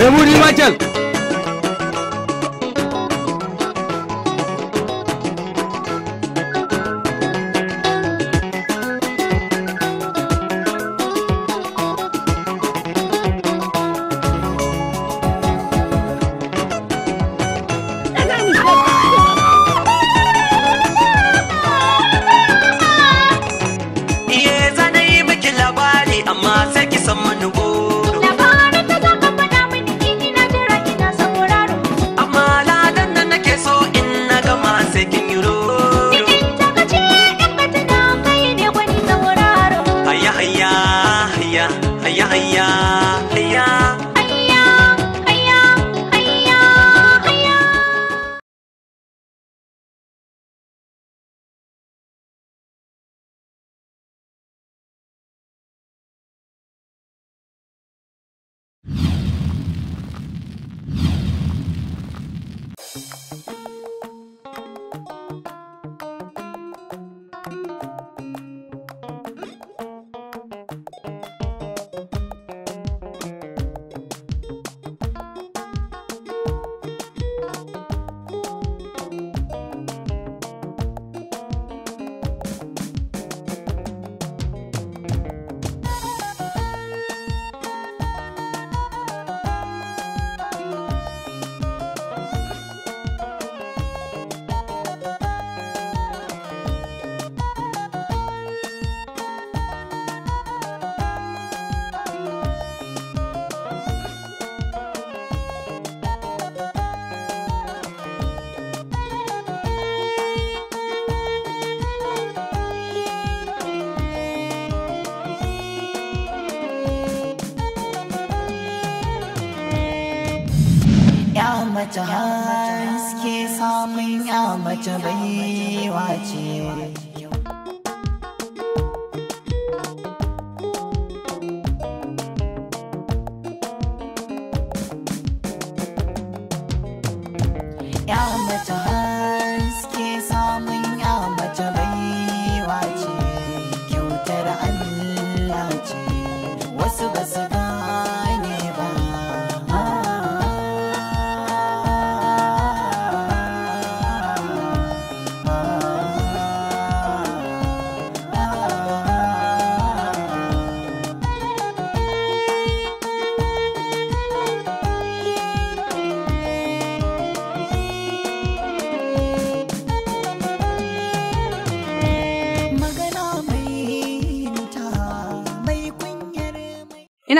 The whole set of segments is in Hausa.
रेमू Himachal mace haske samun ya mace baiwa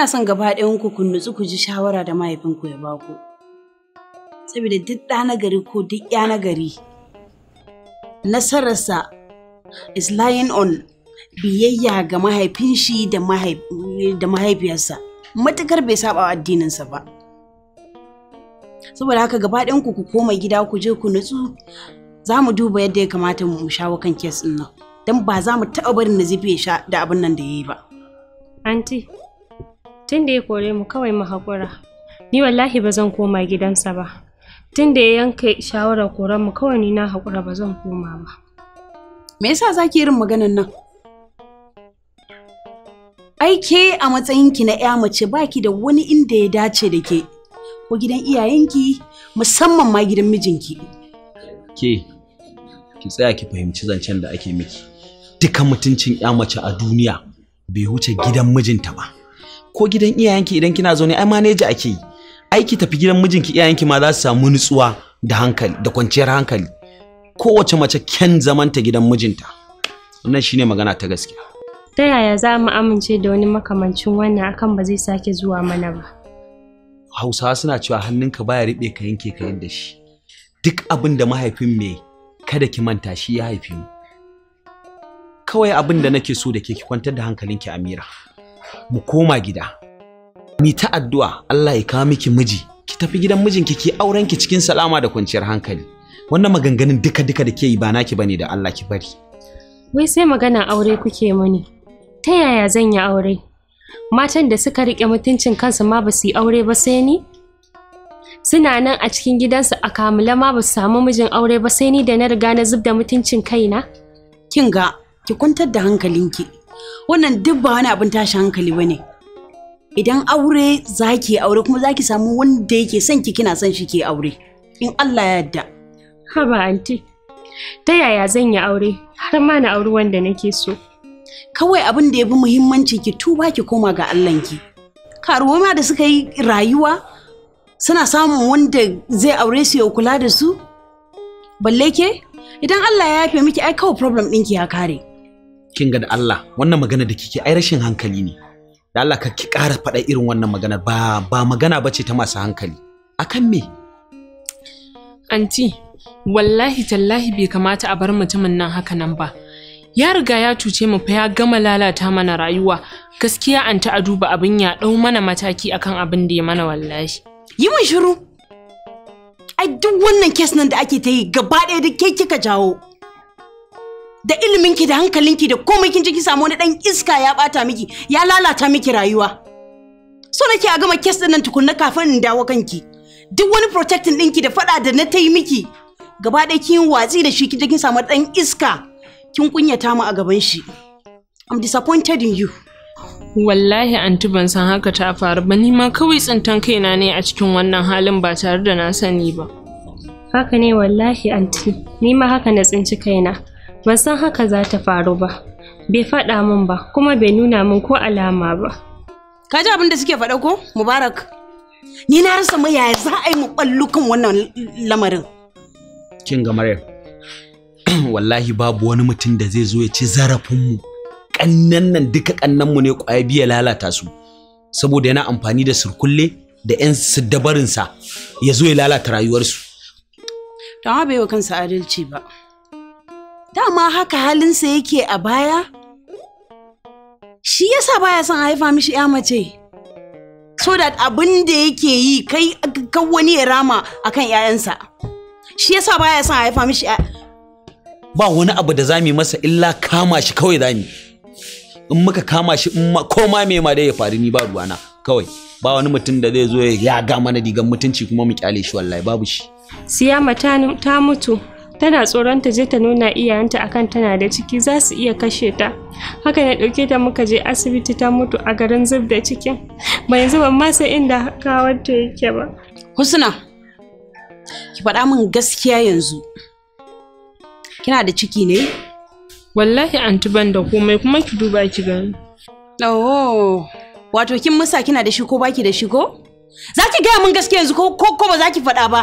ina son gaba ku ku nutsu ku ji shawara da mahaifinku ya ba ku saboda duk ɗa na gari ko duk ya na gari nasararsa is lying on biyayya ga mahaifin shi da mahaifiyarsa matukar bai saba addininsa ba saboda haka gaba ku ku koma gida ku je ku nutsu za mu duba yadda ya kamata mu shawo kan kes ɗin nan don ba za mu taɓa barin nazife ya sha da abin nan da ya yi ba. tun da ya kore mu kawai mu haƙura ni wallahi ba zan koma gidansa ba tun da ya yanka shawarar koren mu kawai ni na haƙura ba zan koma ba me yasa zaki irin maganan nan ai a matsayinki na ya mace baki da wani inda ya dace da ke ko gidan iyayenki musamman ma gidan mijinki ke ki tsaya ki fahimci zancen da ake miki duka mutuncin ya mace a duniya bai wuce gidan mijinta ba ko gidan iyayenki idan kina zaune ai maneji ake yi aiki tafi gidan mijinki iyayenki ma za su samu nutsuwa da hankali da kwanciyar hankali kowace mace kyan zamanta gidan mijinta wannan shine magana ta gaskiya ta yaya za mu amince da wani makamancin wannan akan ba zai sake zuwa mana ba hausawa suna cewa hannunka baya riɓe ka yanke ka yanda shi duk abin da mahaifin me kada ki manta shi ya haifi mu kawai abin da nake so da ke ki kwantar da hankalinki amira mu koma gida mi ta addu'a Allah ya kawo miki miji ki tafi gidan mijinki ki auren ki cikin salama da kwanciyar hankali wannan maganganun duka duka da ke yi ba naki bane da Allah ki bari wai sai magana aure kuke mani ta yaya zan yi aure matan da suka rike mutuncin kansu ma ba su yi aure ba sai ni suna nan a cikin gidansu a kamula ma ba su samu mijin aure ba sai ni da na riga na zub da mutuncin kaina kin ga ki kwantar da hankalinki wannan duk ba wani abin tashi hankali ba ne idan aure za ki aure kuma za ki samu wanda yake son ki kina son shi ke aure in Allah ya yarda haba anti ta yaya zan yi aure har ma na aure wanda nake so kawai abin da ya muhimmanci ki tuba ki koma ga Allahnki karuwa ma da suka yi rayuwa suna samun wanda zai aure su ya kula da su balle ke idan Allah ya yafe miki ai kawai problem ɗinki ya kare kin ga da Allah wannan magana da kike ai rashin hankali ne da Allah ka ki ƙara faɗa irin wannan magana ba ba magana bace ta masu hankali akan me anti wallahi tallahi bai kamata a bar mutumin nan haka nan ba ya riga ya cuce mu fa ya gama lalata mana rayuwa gaskiya an ta a duba abin ya ɗau mana mataki akan abin da ya mana wallahi yi mun shiru ai duk wannan kes nan da ake ta yi gaba ɗaya da ke kika jawo da iliminki da hankalinki da komai kin je ki samu wani dan iska ya bata miki ya lalata miki rayuwa so nake a gama kes din nan tukunna kafin in dawo kanki duk wani protecting ɗinki da faɗa da na ta miki gaba ɗaya kin watsi da shi kin je kin samu dan iska kin kunyata mu a gaban shi i'm disappointed in you Wallahi anti ban san haka ta faru ba ni ma kawai tsintan kaina ne a cikin wannan halin ba tare da na sani ba. Haka ne wallahi anti, ni ma haka na tsinci kaina. ban san haka za ta faru ba bai faɗa min ba kuma bai nuna min ko alama ba ka ji abin da suke faɗa ko mubarak ni na rasa mai yaya za a yi mu ɓallukan wannan lamarin kin ga maryam wallahi babu wani mutum da zai zo ya ci zarafinmu kannan nan duka kannan mu ne kwaya biya lalata su saboda yana amfani da surkulle da 'yan sa ya zo ya lalata rayuwarsu. Tawa bai wa kansa adalci ba. dama haka halinsa yake a baya? Shi yasa baya son haifa mishi ya mace. So that abin da yake yi kai kan wani ya rama kan ‘ya'yansa. Shi yasa baya son haifa mishi ya... Ba wani abu da zami masa illa kama shi kawai zami. In muka kama shi in koma me ma dai ya faru ni ba ruwana kawai. Ba wani mutum da zai zo ya ga mana digan mutunci kuma mu kyale shi wallahi babu shi. Siyama ta mutu. tana tsoron ta je ta nuna iyayenta akan tana da ciki za su iya kashe ta haka na ɗauke ta muka je asibiti ta mutu a garin zub da cikin ba yanzu ban ma sai inda kawar ta yake ba husna ki faɗa min gaskiya yanzu kina da ciki ne wallahi anti ban da komai kuma ki duba ki gani oh wato kin musa kina da shi ko baki da shi ko za ki gaya min gaskiya yanzu ko ko ba za ki faɗa ba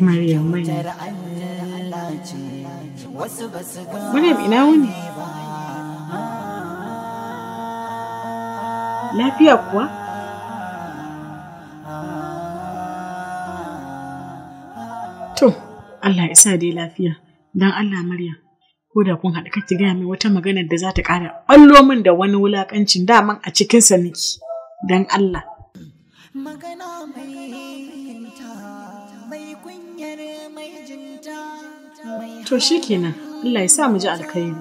Maryam Maryam ina wani? Lafiya kuwa? To, Allah sa dai lafiya, don Allah Maryam. ko da kun haɗu kake gaya min wata magana da za ta ƙara ɓallo min da wani wulaƙancin daman a cikinsa niki don Allah. Magana mai To shi kenan, Allah ya sa mu ji alkhairi.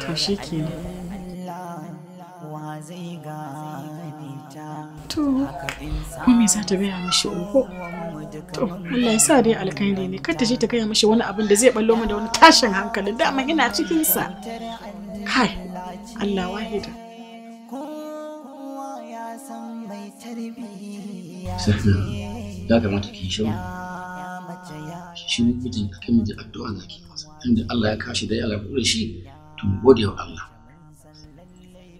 To shi kenan. To, mami za ta gaya mishi oho. To, Allah ya sa dai alkhairi ne, kar ta je ta gaya mishi wani abin da zai ballo mu da wani tashin hankali dama ina cikinsa. Kai, Allah wahida. Safiya, ya kamata ki yi wani. shi ne mijin ka mijin addu'a za ki masa inda Allah ya kashi da Allah kure shi to mu gode wa Allah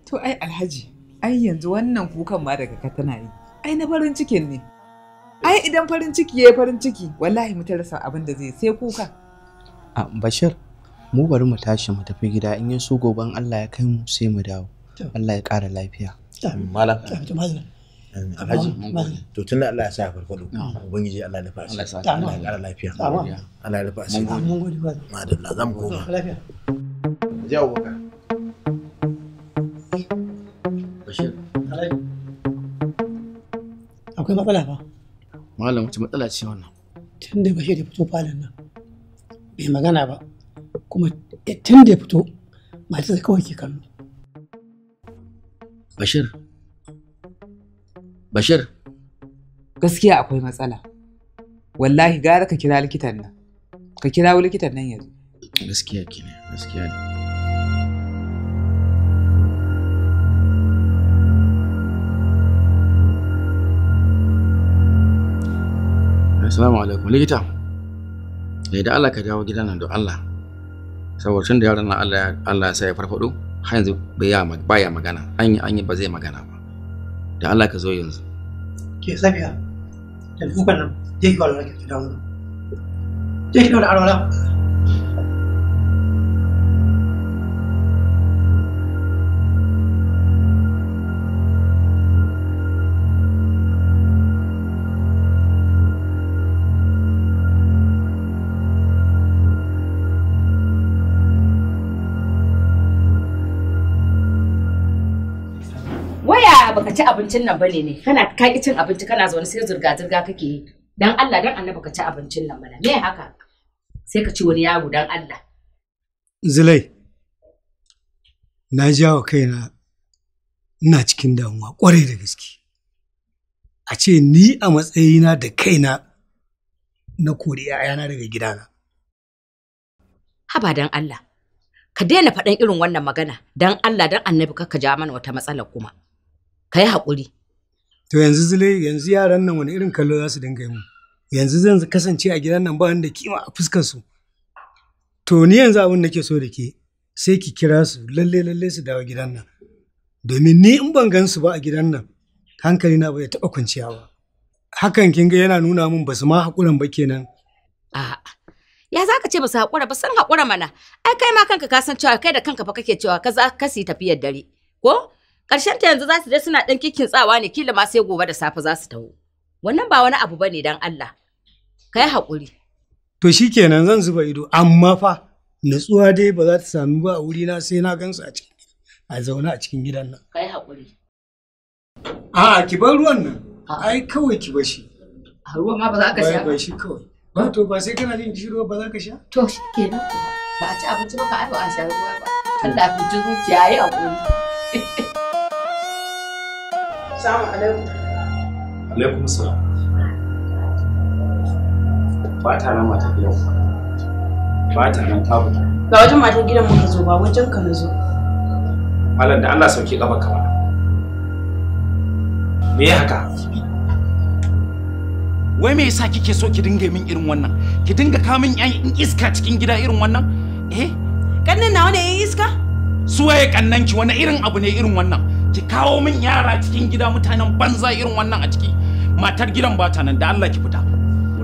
to ai alhaji ai yanzu wannan kukan ma daga ka tana yi ai na farin cikin ne ai idan farin ciki yayi farin ciki wallahi mu rasa abin da zai sai kuka a bashir mu bari mu tashi mu tafi gida in ya so goban Allah ya kai mu sai mu dawo Allah ya ƙara lafiya. Amin malam. alhaji to tun da Allah ya sa farfado ubangiji Allah ya fara Allah ya kara lafiya Allah ya dafa asiri mun gode ba koma lafiya jawo bashir akwai matsala malam matsala ce wannan tun da bashir ya fito falon nan bai magana ba kuma tun da ya fito masu kawai ke kallo bashir Bashir. Gaskiya akwai matsala. Wallahi gara ka kira likitan nan. Ka kira likitan nan yanzu. Gaskiya kine, gaskiya ne. Assalamu alaikum likita. Da Allah ka dawo gidan nan don Allah. Saboda tun da yaron nan Allah Allah sai ya farfado, har yanzu bai ya magana. An yi an yi ba zai magana ba. Da Allah ka zo yanzu. ke safiya da nan baka ci abincin nan bane ne kana ka cin abinci kana zaune sai zurga zurga kake yi dan Allah dan annabi ka ci abincin nan bane me haka sai ka ci wani yaro dan Allah zulai na jawo kaina ina cikin damuwa kwarai da gaske a ce ni a matsayina da kaina na kori ‘ya'yana daga gidana. Haba don Allah, ka daina faɗan irin wannan magana don Allah don annabi ka ja mana wata matsala kuma. ka yi haƙuri to yanzu zile yanzu yaran nan wani irin kallo za su dinga yi mu yanzu zan kasance a gidan nan ba da kima a fuskar su to ni yanzu abin nake so da ke sai ki kira su lalle lalle su dawo gidan nan domin ni in ban gan su ba a gidan nan hankali na bai taɓa kwanciya ba hakan kin ga yana nuna min ba su ma haƙuran ba kenan a'a ya za ka ce ba su haƙura ba sun haƙura mana ai kai ma kanka ka san cewa kai da kanka fa kake cewa ka za ka si tafiyar dare ko Ƙarshen ta yanzu za su je suna ɗan kikin tsawa ne kila ma sai gobe da safe za su taho. Wannan ba wani abu bane dan Allah. Ka yi haƙuri. To shikenan zan zuba ido amma fa natsuwa dai ba za ta sami ba a wurina sai na gansu a cikin a zaune a cikin gidan nan. Ka yi haƙuri. A'a ki bar ruwan nan. Ai kawai ki bashi. A ruwa ma ba za ka sha. Ba shi kawai. Ba to ba sai kana jin kishi ruwa ba za ka sha? To kenan. Ba a ci abinci ba ka a sha ruwa ba. Allah ya fi zuciya yi haƙuri. Assalamu alaikum. Alaikum salam. Ba nan mata gidan ku. Ba nan ta fita. Ga wajen matan gidan ka zo ba wajen ka na zo. Malam da Allah sauke kafa ka mana. Me ya haka? Wai me yasa kike so ki dinga min irin wannan? Ki dinga kamun yan iska cikin gida irin wannan? Eh? Kannan nawa ne iska? Suwaye kannanki wani irin abu ne irin wannan? ki kawo min yara cikin gida mutanen banza irin wannan a ciki matar gidan ba ta nan da Allah ki fita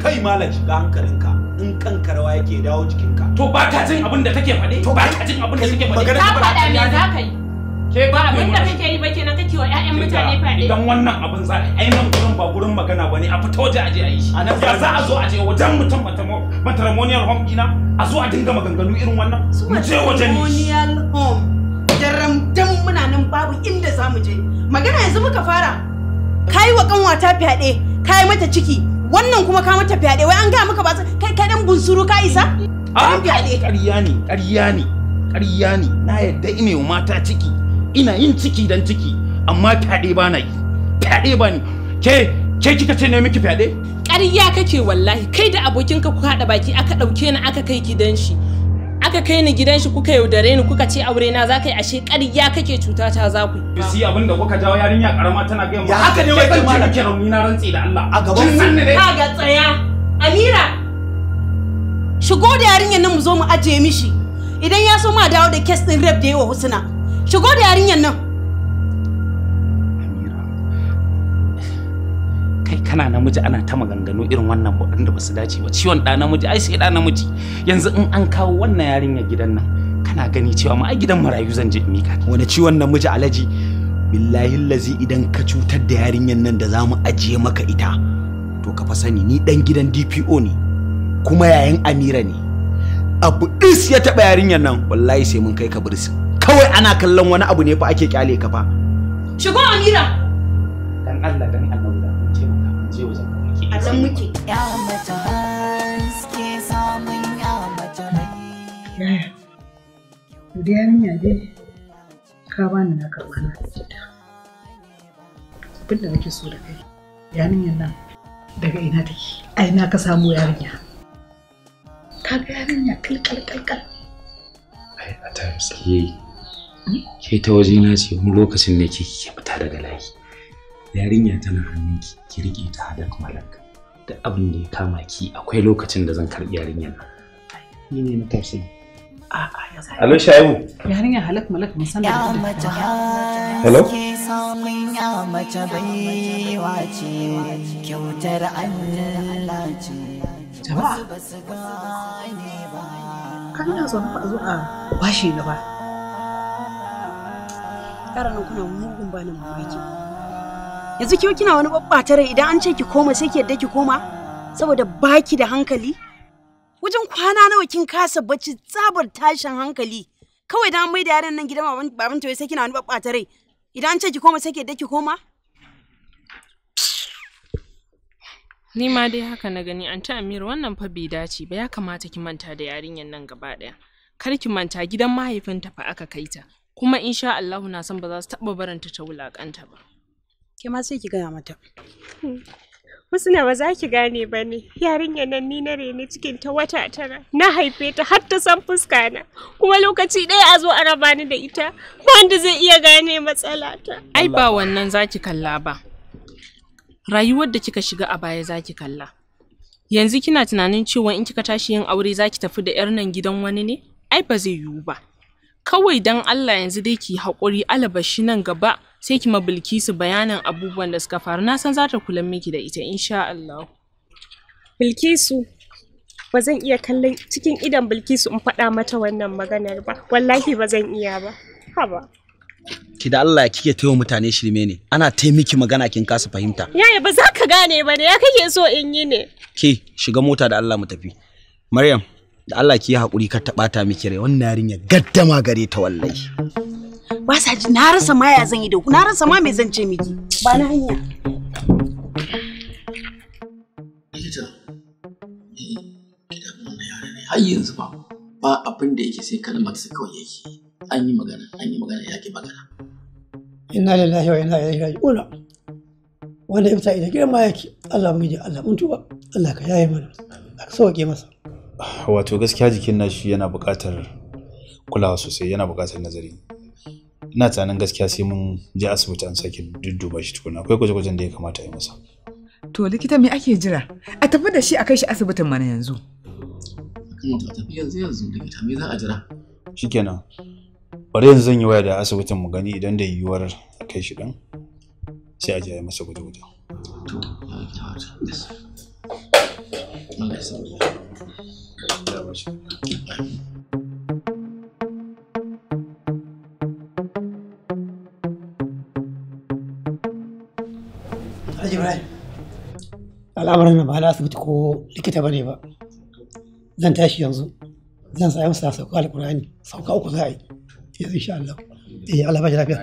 kai malam shiga hankalinka in kan karwa yake dawo jikinka to ba ta jin abin da take faɗe to ba ta jin abin da take faɗe ka faɗa me za ka yi ke ba abin da kake yi ba kenan kake wa ƴaƴan mutane faɗe idan wannan abin za ai nan gurin ba gurin magana bane a fita waje aje a yi shi ya za a zo a je wajen mutum matrimonial home ina a zo a dinga maganganu irin wannan mu je wajen ni matrimonial home daram dan muna nan babu inda za mu je magana yanzu muka fara kai wa kanwata fyaɗe kai mata ciki wannan kuma ka mata fyaɗe wai an gaya maka ba kai kai dan bunsuru ka isa a ƙarya ne ƙarya ne ƙarya ne na yadda ina yi mata ciki ina yin ciki dan ciki amma fyaɗe ba na yi fyaɗe ba ni ke ke kika ce ne miki fyaɗe ƙarya kake wallahi kai da abokinka ku haɗa baki aka ɗauke ni aka kai gidan shi aka kai ni gidan shi kuka yaudare ni kuka ce aure na za ka yi ashe ƙarya kake cuta ta za ku. si abin da kuka jawo yarinya karama tana gaya Ya haka ne wai ban ji nake rauni na rantsi da Allah. A gaban san ne. Ka ga tsaya. Amira. Shigo da yarinyar nan mu zo mu ajiye mishi. Idan ya so ma dawo da case din rape da yawa Husna. Shigo da yarinyar nan. kana namiji ana ta maganganu irin wannan waɗanda ba su dace ba ciwon ɗa namiji ai sai ɗa namiji yanzu in an kawo wannan yarinya gidan nan kana gani cewa ma ai gidan marayu zan je in mika wani ciwon namiji alaji billahi lazi idan ka cutar da yarinyar nan da zamu ajiye maka ita to ka fa sani ni dan gidan DPO ne kuma yayin Amira ne abu is ya taba yarinyar nan wallahi sai mun kai ka birsi kawai ana kallon wani abu ne fa ake kyale ka fa shigo Amira dan Allah dan Allah sai wajen muke a ya haske samun yarinya dai ka bani na karɓa na gida abin da nake so da kai yarinyar nan daga ina take a ina ka samu yarinya ka ga yarinya kalkal. ai a times yi ke ta waje na ce wani lokacin ne ke fita daga layi yarinya tana hannunki ki rike ta hadar malak da abin da ya kama ki akwai lokacin da zan karbi yarinyar nan ni ne na tausayi Alo Shaibu. Yarinya halak malak mun san da ita. Hello. Ke samun ya mace baiwa ce kyautar Allah ce. Jama'a. Kan ina zo na zo a bashi gaba. Yaran nan kuna mugun bani mamaki. yanzu kiyo kina wani babbata rai idan an ce ki koma sai ki yadda ki koma saboda baki da hankali wajen kwana nawa kin kasa bacci tsabar tashin hankali kawai da mai da yaran nan gidan baban baban sai kina wani babbata rai idan an ce ki koma sai ki yadda ki koma Ni ma dai haka na gani an ta Amir wannan fa bai dace ba ya kamata ki manta da yarinyar nan gaba daya. Kar ki manta gidan mahaifinta fa aka kaita kuma insha Allahu na san ba za su taba barinta ta wulakanta ba. ke ma sai ki gaya mata Husna hmm. ba za ki gane ba ne, yarinyar nan ni na cikin ta wata tara, na haife ta har ta san fuska na, kuma lokaci ɗaya a zo a raba ni da ita, wanda zai iya gane matsalata. Ai ba wannan za ki kalla ba, rayuwar da kika shiga a baya za ki kalla. Yanzu kina tunanin cewa in kika tashi yin aure za ki tafi da 'yar nan gidan wani ne? Ai ba zai yiwu ba. Kawai dan Allah yanzu dai ki haƙuri alabashi nan gaba sai ki ma Bilkisu bayanin abubuwan da suka faru na san za ta kula miki da ita insha Allah. Bilkisu ba zan iya kallon cikin idan Bilkisu in faɗa mata wannan maganar ba wallahi ba zan iya ba haba. ki da Allah kike taiwa mutane shirme ne ana taimaki magana kin kasa fahimta yaya ba za ka gane ba ne ya kake so in yi ne ke shiga mota da Allah mu tafi Maryam da Allah ki yi hakuri ka ta miki rai wannan yarinya gaddama gare ta wallahi ba sa ji na rasa ma ya zan yi da ku na rasa ma mai zan ce miki ba na hanya ni yare ne, har yanzu ba ba abin da yake sai kalmar sa kawai yake an yi magana an yi magana ya ke magana inna lillahi wa inna ilaihi raji'un wanda ya fita ita girma yake Allah mu ji Allah mun tuba Allah ka yaye mana ka sauke masa wato gaskiya jikin nashi yana buƙatar kulawa sosai yana buƙatar nazari ina tsanin gaskiya sai mun je asibiti an sake dudduba shi tukuna akwai gwaje-gwajen da ya kamata a yi masa to likita me ake jira a tafi da shi a kai shi asibitin mana yanzu yanzu yanzu likita me za a jira shikenan bari yanzu zan yi waya da asibitin mu gani idan da yiwuwar a kai shi dan sai a je masa gwaje-gwaje to ya Ibrahim. ba na asibiti ko likita ne ba. Zan tashi yanzu. Zan sa sauka alƙur'ani. Sauka uku za a yi. Yanzu insha Allah. Eh, Allah ba shi lafiya.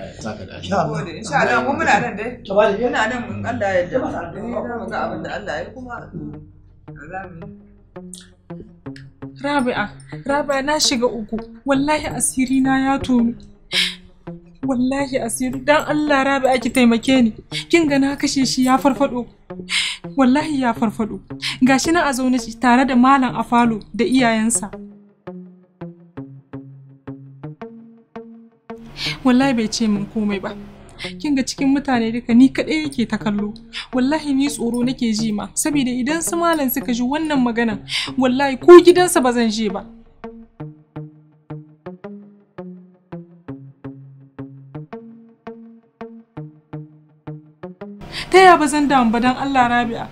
Rabi'a, Rabi'a na shiga uku. Wallahi asiri na ya tonu. wallahi asiru dan Allah rabi ake taimake ni kin ga na kashe shi ya farfado wallahi ya farfado gashi nan a zaune tare da malam afalo da iyayensa wallahi bai ce min komai ba kin ga cikin mutane duka ni kaɗai yake ta kallo wallahi ni tsoro nake ji ma saboda idan su malam suka ji wannan magana wallahi ko gidansa ba zan je ba ba zan damu ba don Allah Rabi'a.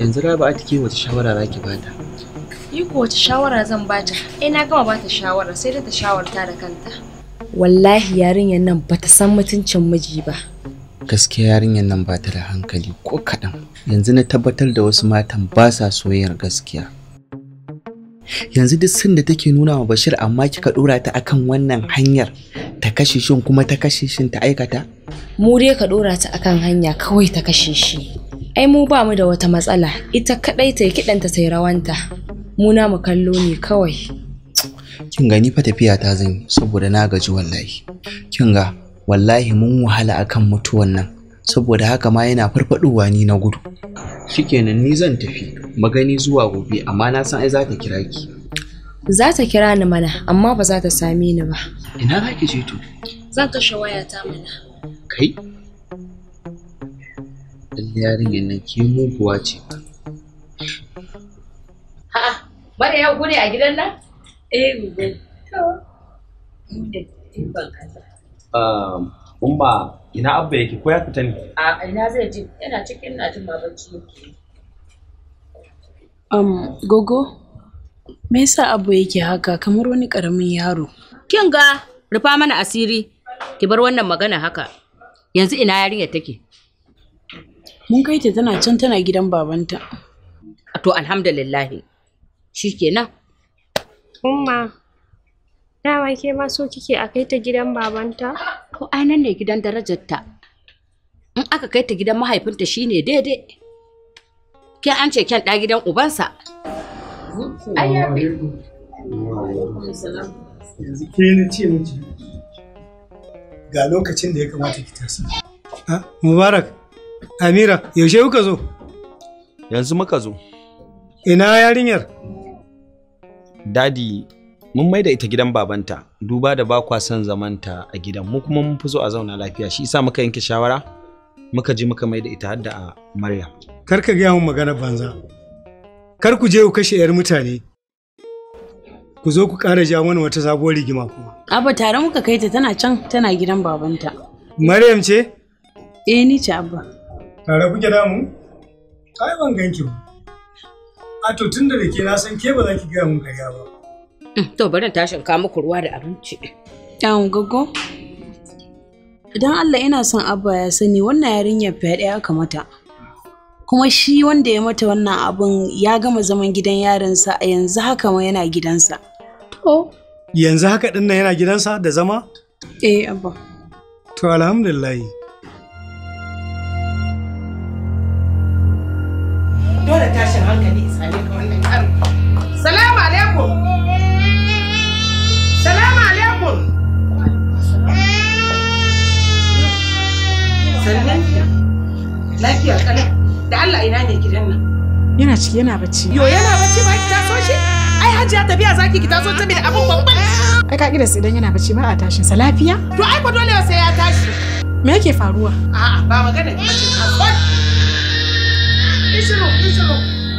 Yanzu Rabi'a take wata shawara za ki bata? Yi ko wata shawara zan bata? Ai eh, na gama bata shawara sai da ta shawarta da kanta. Wallahi yarinyar nan ba ta san mutuncin miji ba. gaskiya yarinyar nan ba ta da hankali ko kaɗan yanzu na tabbatar da wasu matan ba sa soyayyar gaskiya yanzu duk sun da take nuna wa bashir amma kika dora ta akan wannan hanyar ta kashe shin kuma ta kashe shin ta aikata mu dai ka dora ta akan hanya kawai ta kashe shi ai mu ba mu da wata matsala ita kadai ta yi kidanta ta yi rawanta mu na mu kallo ne kawai kin gani fa tafiya ta zan saboda na gaji wallahi kin ga wallahi mun wahala akan mutuwan nan saboda haka ma yana farfadowa ni na gudu shikenan ni zan tafi magani zuwa gobe amma na san ai za ta kira ki za ta kira ni mana amma ba za ta same ni ba ina za ki je to zan kashe wayata mana kai lalle yarinyar nan ke muguwa ce ha mara yau gure a gidan nan eh gobe to Um, umma ina abba yake ko ya fita ne? A ina zai ji yana cikin na jin babanci yake. Um, gogo, me yasa abu yake haka kamar wani ƙaramin yaro? Kin ga rufa mana asiri, ki bar wannan magana haka. Yanzu ina yarinyar take? Mun kai ta tana can tana gidan babanta. To alhamdulillahi, shi kenan. Umma, dama ke ma so kike a kai ta gidan babanta? To ai nan ne gidan darajarta. In aka kai ta gidan mahaifinta shine daidai. ke an ce kyan gidan ubansa. Yanzu ke na ce miki ga lokacin da ya kamata ki tasa. Mubarak, Amira, yaushe kuka zo? Yanzu muka zo. Ina yarinyar? Dadi, mun maida ita gidan babanta, duba da ba kwa son zamanta a gidan, mu kuma mun fi so a zauna lafiya, shi isa muka yanke shawara? muka je muka mai da ita hadda a Maryam. Kar ka gaya min magana banza. Kar ku je ku kashe 'yar mutane. Ku zo ku ƙara ja mana wata sabuwar rigima kuma. Abba tare muka kai ta tana can tana gidan babanta. Maryam ce? Eh ni ce Abba. Tare ku gida mu? Ai ban ganki ba. A to tun da ke na san ke ba za ki gaya mun karya ba. Mm, to bari tashin ka muku ruwa da abinci. Yawon gaggo. idan Allah yana son abba ya sani wannan yarinyar fyaɗe aka mata kuma shi wanda ya mata wannan abun ya gama zaman gidan yarinsa a yanzu haka ma yana gidansa to yanzu haka din nan yana gidansa da zama eh abba to alhamdulillah dole tashin hankali ne ka wannan karin salamu alaikum sannan lafiya kalam da Allah ina ne gidan nan yana ciki yana bacci yo yana bacci ba ki taso shi ai hajiya tafiya zaki ki taso abun babban ai ka kira idan yana bacci ba a tashin sa lafiya to ai ko dole sai ya tashi me yake faruwa a'a ba magana ki ka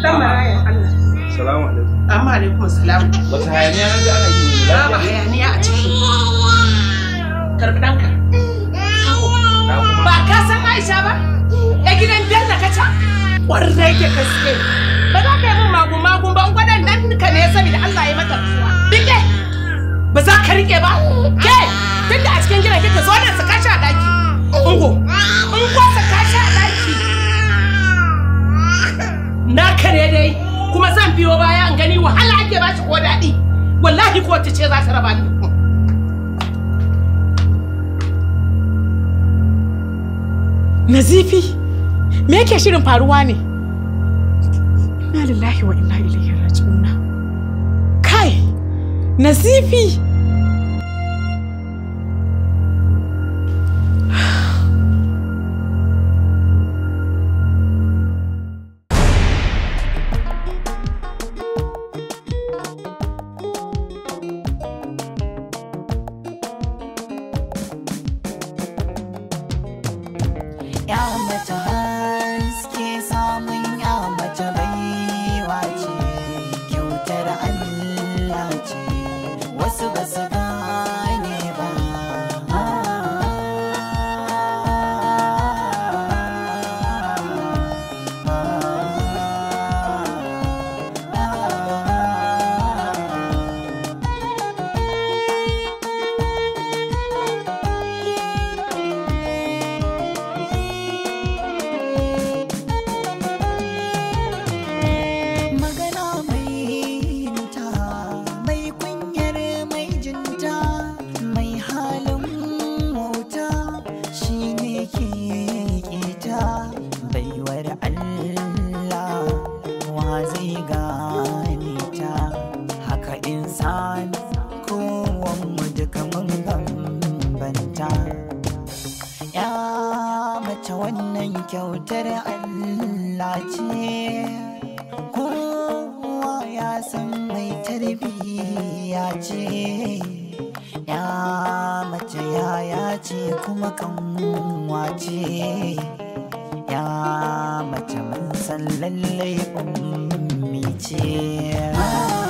dan maraya Allah alaikum amma wata hayaniya da ana yi ba hayaniya a ciki karbi ka san Aisha ba? Ya gidan Bello ka can? Ƙwarai da gaske. Ba za ka yi min magun magun ba nan ka ne saboda Allah ya mata rasuwa. Rike! Ba za ka riƙe ba? Ke! Tunda a cikin gidan kika zo nan su kashe a ɗaki. Ungo! Ungo su kashe a ɗaki. Na kare dai kuma zan biyo baya in gani wahala ake ba shi ko daɗi. Wallahi ko ta ce za ta raba ni. Nazifi, me yake shirin faruwa ne? Inna lillahi wa inna ilaihi raji'una. Kai, Nazifi! kyautar Allah ce kowa ya san mai tarbiyya ce ya mace yaya ce kuma kanwa ce ya mace mun san lallai ummi ce